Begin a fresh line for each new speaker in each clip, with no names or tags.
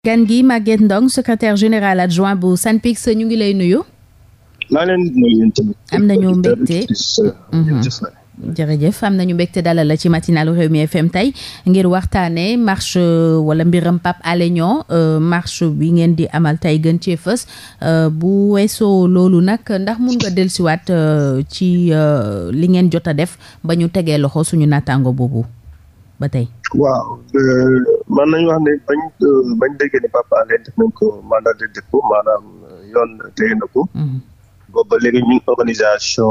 gan gi màgget Ndong secretaire général adjoint bu SYNPICS ñu ngi lay nuyu. am nañu mbégte mhm. jërëjëf am nañu mbégte dalal la ci matinalu Rewmi FM tey ngir waxtaanee marche euh, wala mbiram Pape Alé Niang euh, marche bi ngeen di amal tey gën cee fës euh, bu weesoo loolu nag ndax mun nga dellusiwaat ci li ngeen jot def ba ñu tegee loxo suñu naataango boobu. ba tey.
waaw euh, man nañu wax ne bañ euh, bañ déggee ne Pape nañ ko mandat de dépôt maanaam euh, yoon téye na ko. Mhm. boobu ba léegi ñun organisation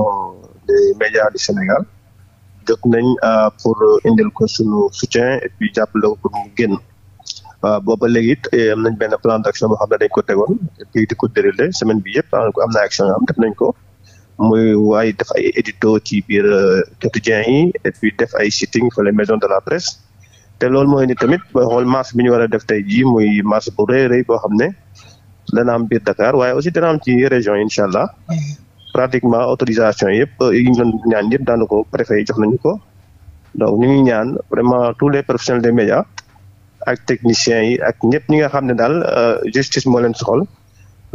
des médias du Sénégal jóg nañ pour indil ko sunu soutien et puis jàppale ko pour mu génn. waaw booba léegi it am nañ benn plan d' action boo ko tegoon et puis di ko déroulé semaine bi yëpp ah, am na action yoo xam def nañ ko. muy waaye def ay édito ci biir euh, quotidien yi et puis def ay sitting fa les maisons de la presse te loolu mooy ni tamit booy xool marche bi ñu war a def tey jii muy marche bu rëy rëy xam ne dana am biir Dakar waaye aussi dana ci région yi incha allah mm-hmm. pratiquement autorisation yëpp euh, yi ñu doon ñaan yëpp daanu ko préfet yi jox nañu ko donc ñu ñaan vraiment tous les professionnels des média ak techniciens yi ak ñëpp ñi nga xam ne daal euh, justice moo leen soxal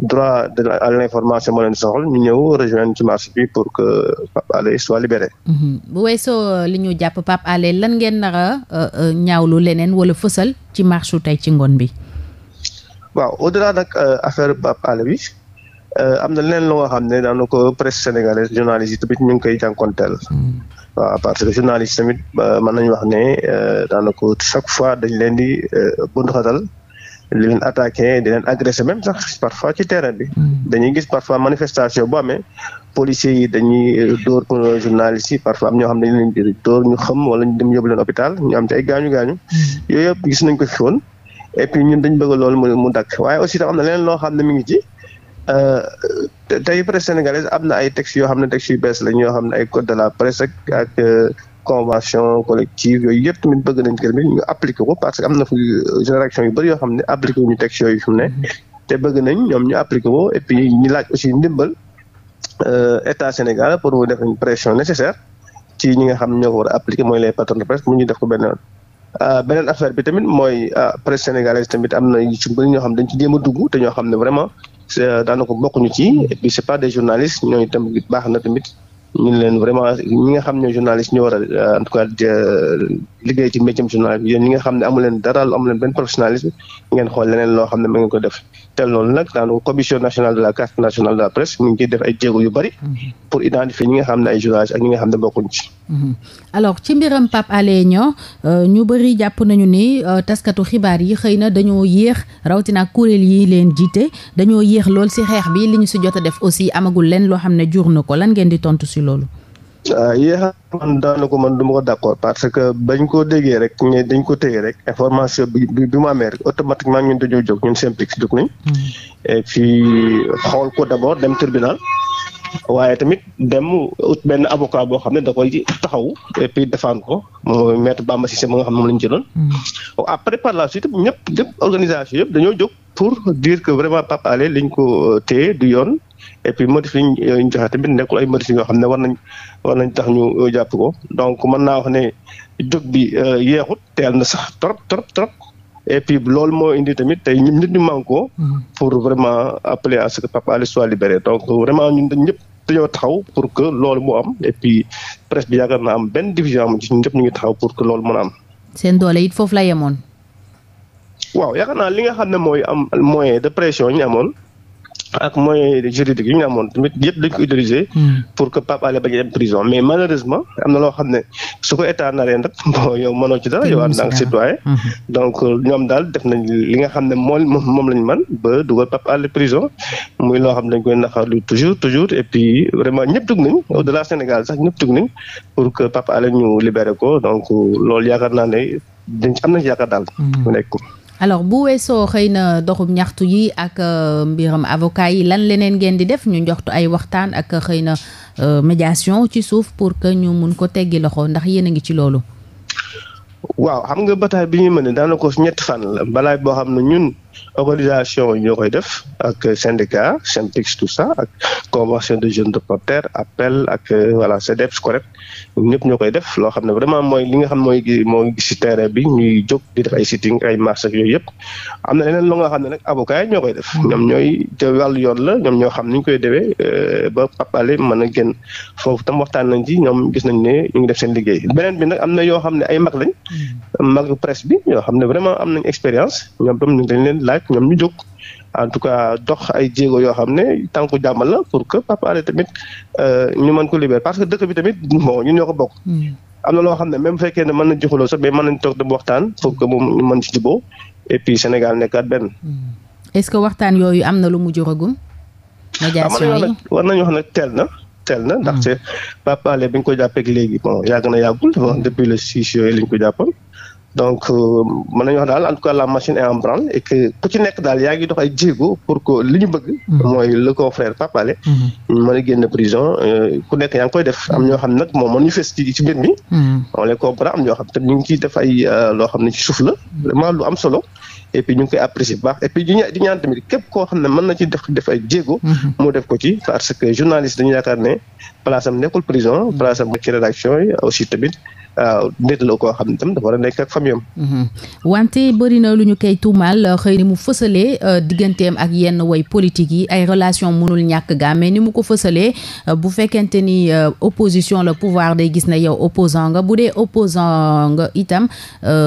droit de la, à l'information moo leen soxal ñu ñëw rejoindre ci marche bi pour que Pape Alé soit libéré.
Mhm. bu weesoo euh, li ñu jàpp Pape Alé lan ngeen nar a euh, euh, ñaawlu leneen wala fësal ci marche tey ci ngoon bi.
waaw au-delà nag affaire Pape bi am na leen lu nga xam ne daanu ko presse sénégalaise journaliste yi tamit ñu ngi koy jànkonteel. Mhm. waaw parce que journaliste tamit mën nañu wax ne daanaka chaque fois dañ leen di bunduxatal. di leen attaqué di leen agressé même sax parfois ci terrain bi. Hmm. dañuy gis parfois manifestation boo amee policiers yi dañuy dóor journalistes yi parfois am ñoo xam ne dañu ñu xam wala ñu dem yóbbu leen hôpital ñu am ay gaañu gaañu. Hmm. yooyu yëpp gis nañ ko fi et puis ñun dañ bëgg loolu mu dakk waaye aussi tam am na leneen loo xam ne mi ngi ci. Euh, tey sénégalaise am na ay textes yoo xam ne textes yu bees lañ yoo xam ne ay code de la presse euh, convention collective yooyu yëpp tamit bëgg nañ ko tamit ñu appliqué ko parce que am na fu génération yu bëri yoo xam ne appliqué wu ñu texte yooyu fi ne te bëgg nañ ñoom ñu appliqué ko et puis ñu laaj aussi ndimbal euh, état Sénégal pour mu def une pression nécessaire ci ñi nga xam ne ñoo ko war a appliqué mooy les patrons de presse mu ñu def ko benn euh, beneen affaire bi tamit mooy euh, presse sénégalaise tamit am na ci bëri ñoo xam ne dañ ci jéem a dugg te ñoo xam ne vraiment daanaka bokkuñu ci et puis c'est pas des journalistes ñooñu tamit baax na tamit ñu leen vraiment nga xam ne journaliste a euh, en tout cas euh, liggéey ci nga xam ne amu leen dara amu leen benn professionnalisme ngeen xool leneen loo xam ne ma ngeen ko def te loolu nag daanaka commission nationale de la carte nationale de la presse mu ngi def ay jéego yu bari mm-hmm. pour identifier ñi nga xam ne ay journaliste ak ñi nga xam ne bokkuñ ci.
Mm-hmm. alors ci mbiram Pape Alé euh, ñu bëri jàpp nañu ni taskatu xibaar yi xëy na dañoo yéex rawatina kuréel yi leen jiite dañoo yéex lool si xeex bi li ñu si jot a def aussi amagul leen loo xam ne jur na ko lan ngeen di tontu si loolu.
waaw ah, yéex man daanaka man du ma ko d' accord parce que bañ ko déggee rek ñu dañ ko téyee rek information bi bi mu amee rek automatiquement ñun dañoo jóg ñun Synpics jóg nañ. Hmm. et puis xool ko d' abord dem tribunal. waaye tamit dem benn avocat boo xam ne da koy taxaw et defaan ko mooy maître Bamba Cissé mu nga xam ne moom la ñu jëloon. Hmm. Oh, après par la suite ñëpp ñëpp organisation yëpp dañoo jog pour diir que vraiment Pape Alé liñ ko euh, téyee du yoon. et puis motif ñu joxe tamit nekkul ay motif yoo xam ne war nañ war nañ tax ñu jàpp ko donc mën naa wax ne jóg bi euh, yeexut teel na sax trop trop trop et puis loolu moo indi tamit tey ñun nit ñu manko mm-hmm. pour vraiment appeler à ce que Pape Alé soit libéré donc vraiment ñun ñëpp dañoo taxaw pour que loolu mu am et puis presse bi yaakaar naa am benn division am ci ñun ñëpp ñu ngi taxaw pour que loolu mën a am.
seen doole it foofu la yemoon. waaw
yaakaar naa li nga xam ne mooy am moyen de pression ñu amoon ak moyens juridiques yi ñu amoon tamit yëpp dañ utiliser. Hmm. pour que Pape Alé bañ a dem prison mais malheureusement am na loo xam ne su ko état naree nag bon yow mënoo ci dara yow en tant que citoyen hmm. donc ñoom daal def nañ li nga xam ne moom moom lañ man ba dugal Pape Alé prison muy loo xam ne dañ koy naxarlu toujours toujours et puis vraiment ñëpp dugg nañ au Sénégal sax ñëpp nañ pour que Pape Alé ñu libéré ko donc loolu yaakaar naa ne dañ am nañ yaakaar daal hmm. mu nekk
alors bu weesoo xëy na doxum ñaxtu yi ak euh, mbiram avocat yi lan leneen ngeen di def ñu njoxtu ay waxtaan ak xëy na euh, médiation ci suuf pour que ñu mun ko teggi loxo ndax yéen a ngi ci loolu.
waaw xam nga bataay bi ñuy mën daanaka ñetti fan la balaay boo xam ne ñun. organisation ñoo koy def ak syndicat Syntex tout ça ak convention de jeunes de porter appel ak euh, voilà CDEPS correct ñëpp ñoo koy def loo xam ne vraiment mooy li nga xam mooy mooy si terrain bi ñuy jóg di def ay yooyu yëpp am na leneen lu nga xam ne nag avocat yi ñoo koy def ñoom ñooy te wàllu yoon la ñoom ñoo xam niñ ñu koy defee euh, ba papale mën a génn foofu tam waxtaan nañ ci ñoom gis nañ ne ñu ngi def sen liggéey beneen bi nag am na yoo xam ne ay mag lañ mm. mag presse bi yoo xam ne vraiment am nañ expérience ñoom tam ñu leen laaj ñoom ñu jóg en tout cas dox ay jéego yoo xam ne tànku jàmm la pour que Pape Alé tamit euh, ñu man ko libérer parce que dëkk bi tamit bon ñun ñoo ko bokk. Mm. am na loo xam ne fekkee ne mën nañ ci xuloo nañ toog dem waxtaan pour que moom mën ci juboo et nekkaat benn. Mm.
est-ce que waxtaan yooyu am na lu mu juragum. Ah, médiation yi
war nañu wax na teel na. teel na ndaxte mm. Pape Alé bi ñu ko jàppee léegi bon yàgg na yàggul depuis le six yooyu lañ ko jàppoon. donc euh, mën nañu wax daal en tout cas la machine est en branle ku ci nekk daal yaa ngi dox ay jéego pour que li ñu bëgg. Mm-hmm. mooy le confrère Pape Alé. Mm-hmm. mën a génn euh, nekk yaa ngi koy def am ñoo xam nag moom mën ñu fes ci ci mbir mi. Mm-hmm. xam te ñu ngi ciy def ay euh, loo xam ne ci suuf la vraiment am solo. et ñu ngi koy apprécier bu baax et puis di ñaan tamit képp koo xam ne mën na ci def def ay jéego. moo def ko ci parce que journaliste dañu yaakaar ne place am nekkul prison. place am ci rédaction yi aussi tamit. waaw nit la koo xam ne tam war a nekk ak famille am.
Mhm. wante bëri na lu ñu koy tuumaal euh, xëy ni mu fësalee euh, digganteem ak yenn woy politique yi ay relation mënul ñàkk gaa mais ni mu ko fësalee euh, bu fekkente ni opposition la pouvoir day gis na yow opposant nga bu dee opposant nga itam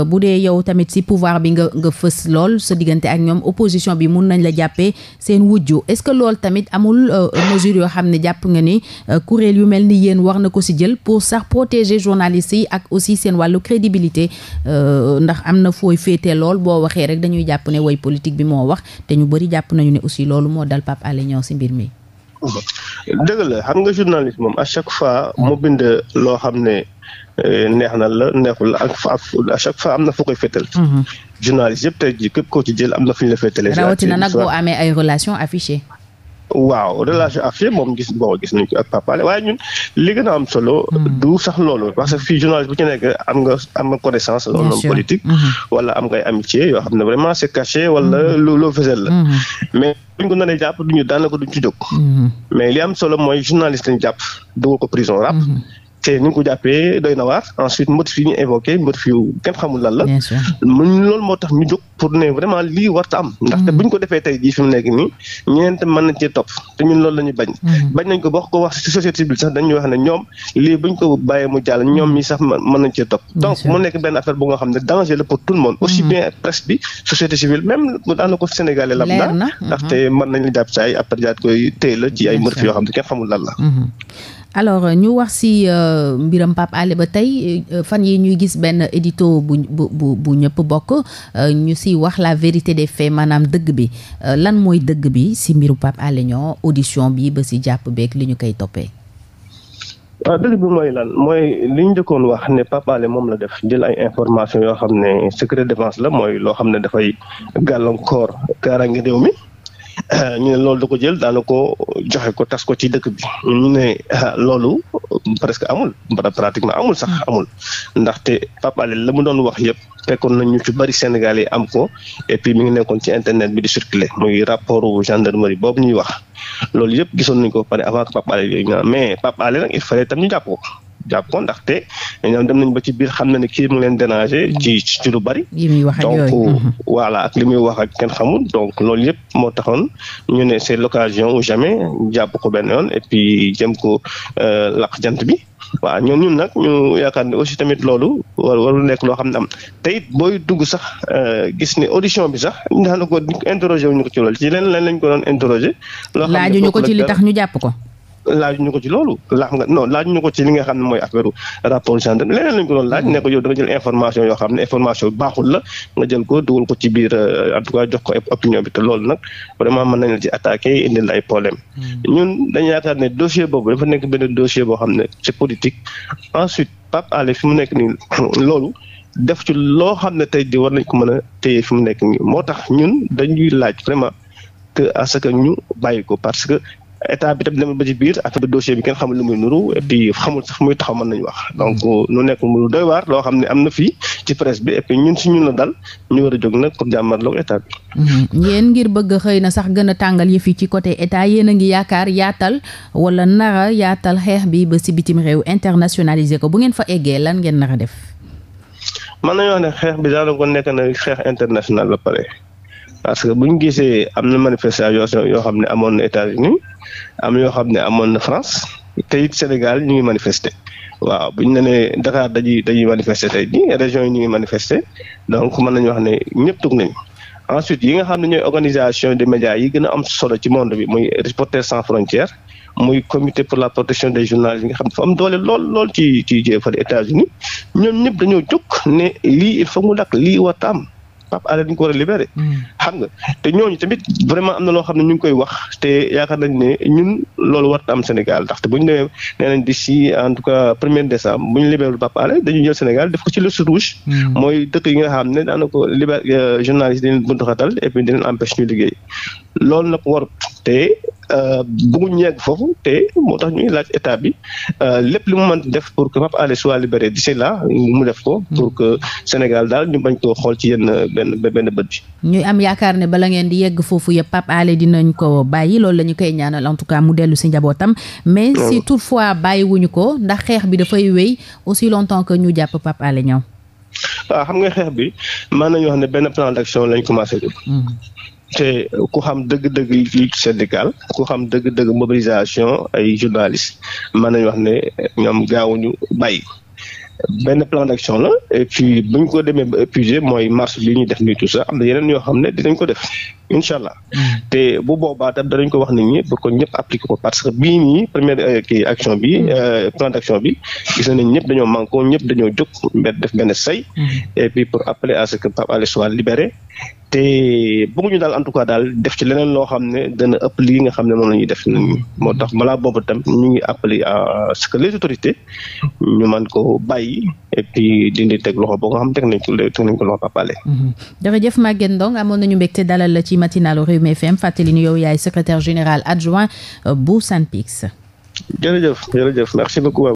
bu dee yow tamit si pouvoir bi nga nga fës lool sa diggante ak ñoom opposition bi mun nañ la jàppee seen wujju est-ce que loolu tamit amul mesure yoo xam ne jàpp nga ni kuréel yu mel ni yéen war na ko si jël pour sax protéger journalistes yi. ak aussi seen wàllu crédibilité euh, ndax am na fooy féetee lool boo waxee rek dañuy jàpp ne way politique bi moo wax te ñu bari jàpp nañu ne aussi loolu moo dal Pape Alé si mbir mi.
dëgg la xam nga journaliste moom à chaque fois mu bind loo xam ne euh, neex na la neexul la ak à chaque fois am na foo koy féetal. Mhm. journaliste yëpp tey jii képp ci jël am na fu ñu la féetalee. rawatina nag boo
amee ay relations affichées.
waaw relation ak moom gis boo gis nañ ko ak Pape Alé waaye ñun li gën am solo. Hmm. du sax loolu parce que fii journaliste bu ci nekk am nga am nga connaissance. bien homme politique. Hmm. wala am ngay amitié yo xam ne vraiment c'est caché wala hmm. lu loo fësal la. mais buñ ko nar a jàpp duñu daanaka duñ ci jóg. mais li am solo mooy journaliste lañ jàpp dugal ko prison rap. te ñu ngi ko jàppee doy na waar ensuite motif yi ñu évoqué motif yu kenn xamul lan la. bien sûr loolu moo tax ñu jóg pour ne mu nekk benn affaire bu nga xam ne danger la pour tout le aussi mm-hmm. bien presse bi société civile même daanaka sénégalais la. leer na ndaxte mm-hmm. mën nañ jàpp saa après daal koy téye ci ay motif xam ne kenn xamul lan la.
Mm-hmm. alors euh, ñu wax si euh, mbiram Pape Alé ba tey euh, fan yi ñuy gis benn édito bu bu bu ñëpp bokk ñu si wax la vérité des faits maanaam dëgg bi lan mooy dëgg bi si mbiru Pape Alé audition bi ba si jàpp beeg li ñu koy toppee.
waaw dëgg bi mooy lan mooy li ñu njëkkoon wax ne Pape moom la def jël ay information yoo xam ne secret défense la mooy loo xam ne dafay gàllankoor kaaraange réew mi ñu loolu da ko jël daana ko joxe ko tas ko ci dëkk bi ñu ne ah, loolu presque amul pratiquement amul sax hmm. amul ndaxte Pape Alé la mu doon wax yëpp fekkoon nañ ñu ci bari Sénégal yi am ko et puis mi ngi nekkoon ci internet bi di circuler muy rapport gendarmerie boobu ñuy wax loolu yëpp gisoon nañ ko pare avant que Pape yooyu mais Pape Alé nag il fallait tam ñu jàpp jàpp ko ndaxte ñoom dem nañ ba ci biir xam na ne kii mu leen déranger ci ci lu bari. donc euh, mhm. voilà ak li muy wax ak kenn xamul donc loolu yëpp moo taxoon ñu ne c'est l'occasion ou jamais jàpp ko benn yoon et puis jëm ko euh, laq jant bi. waaw ñun nag ñu yaakaar ne aussi tamit loolu war warul nekk loo xam ne am te it booy dugg sax euh, gis ne audition bi sax daanaka ko interroger wuñu ko ci loolu ci leen lañ ko doon interroger. loo xam ne laajuñu ko ci li tax ñu jàpp ko. laaj ñu ko ci loolu laa xam nga non laaj ñu ko ci li nga xam ne mooy affaire rapport gendarme leneen lañ ko doon laaj ne ko da nga jël information yoo xam ne information baaxul la nga jël ko dugal ko ci biir euh, en jox ko opinion bi te hmm. loolu def ci loo xam ne tey di war nañ ko mën a téye fi mu nekk nii moo tax ñun dañuy laaj vraiment que à que ñu bàyyi ko parce que état bi tam demal ba ci biir affaire bi dossier bi kenn xamul lu muy nuru et puis xamul sax muy taxaw mën nañu wax donc hmm. lu nekk mu doy waar loo xam ne am na fii ci presse bi et puis ñun si ñun la dal ñu war a jóg nag pour jàmmarloo état bi.
Hmm. yéen ngir bëgg xëy na sax gën a tàngal yëf yi ci côté état yéen a ngi yaakaar yaatal wala nara yaatal xeex bi ba si bitim réew internationaliser ko bu ngeen fa eggee lan ngeen nara def.
mën nañu wax ne xeex bi daal ko nekk na xeex international ba pare. parce que bu ñu gisee am na manifestation yoo xam ne amoon na États-Unis am yoo xam ne amoon na France te it Sénégal ñu ngi manifester waaw bu ñu nee Dakar dañuy dañuy manifester tey jii région yi ñu ngi manifester donc mën nañu wax ne ñëpp tug nañu. ensuite yi nga xam ne ñooy organisation de médias yi gën a am solo ci monde bi muy Reporters sans frontières muy comité pour la protection des journalistes yi nga xam ne dafa am doole lool lool ci ci fa États-Unis ñoom ñëpp dañoo jóg ne lii il faut mu dakk lii war am. Pape Alé dañ ko war a libéré. Hmm. xam nga te ñooñu tamit vraiment am na loo xam ne ñu ngi koy wax te yaakaar nañ ne ñun loolu war na am Sénégal ndaxte bu ñu demee nee nañ en tout cas premier décembre bu ñu libéré Pape Alé dañu jël Sénégal def ko ci liste rouge. Hmm. mooy dëkk yi nga xam ne daanaka libéré euh, journaliste yi dañ leen buntu xatal et puis dañ leen empêche ñu liggéey loolu nag war. te euh, bëgguñ ñeeg foofu te moo tax ñuy laaj état bi euh, lépp li mu mën def pour que Pape Alé soit libéré d'ici là mu def ko pour que Sénégal daal ñu bañ koo xool ci yenn benn benn bët bi.
ñuy am yaakaar ne bala ngeen di yegg foofu yëpp Pape dinañ ko bàyyi loolu la ñu koy ñaanal en tout mu dellu si njabootam. mais si fois bàyyiwuñu ko ndax xeex bi dafay wéy aussi longtemps que ñu jàpp Pape Alé Niang.
Ah, xam nga xeex bi mën nañu wax ne benn plan d'action lañ commencé jóg. te ku xam dëgg-dëgg lutte syndicale ku xam dëgg-dëgg mobilisation ay journalistes man nañu wax ne ñoom gaawuñu bàyyi benn plan d'action la et puis bu ñu ko demee ba épuisé mooy marche bii ñu def nii tout ça am na yeneen yoo xam ne dinañ ko def incha allah. Mm. te bu boobaa tam danañ ko wax nit ñi pour ko ñëpp appliqué parce que bii nii première euh, kii action bi mm. euh, plan d'action bi gis nañ ñëpp dañoo manko ñëpp dañoo jóg def benn say. Mm. et puis pour appeler à ce que Pape te bëgguñu daal en tout cas daal def ci leneen loo xam ne dana ëpp lii nga xam ne moom la ñuy def moo tax balaa boobu tam ñu ngi a à les autorités ñu man ko bàyyi et dindi teg loxo boo nga xam teg nañ ko teg nañ ko loxo papale
mhm. jërëjëf Maguette Ndong amoon nañu mbégte dalal la ci matinalu Rewmi FM fàttali ñu yow yaay secrétaire général adjoint euh, bu SYNPICS
jërëjëf jërëjëf merci beaucoup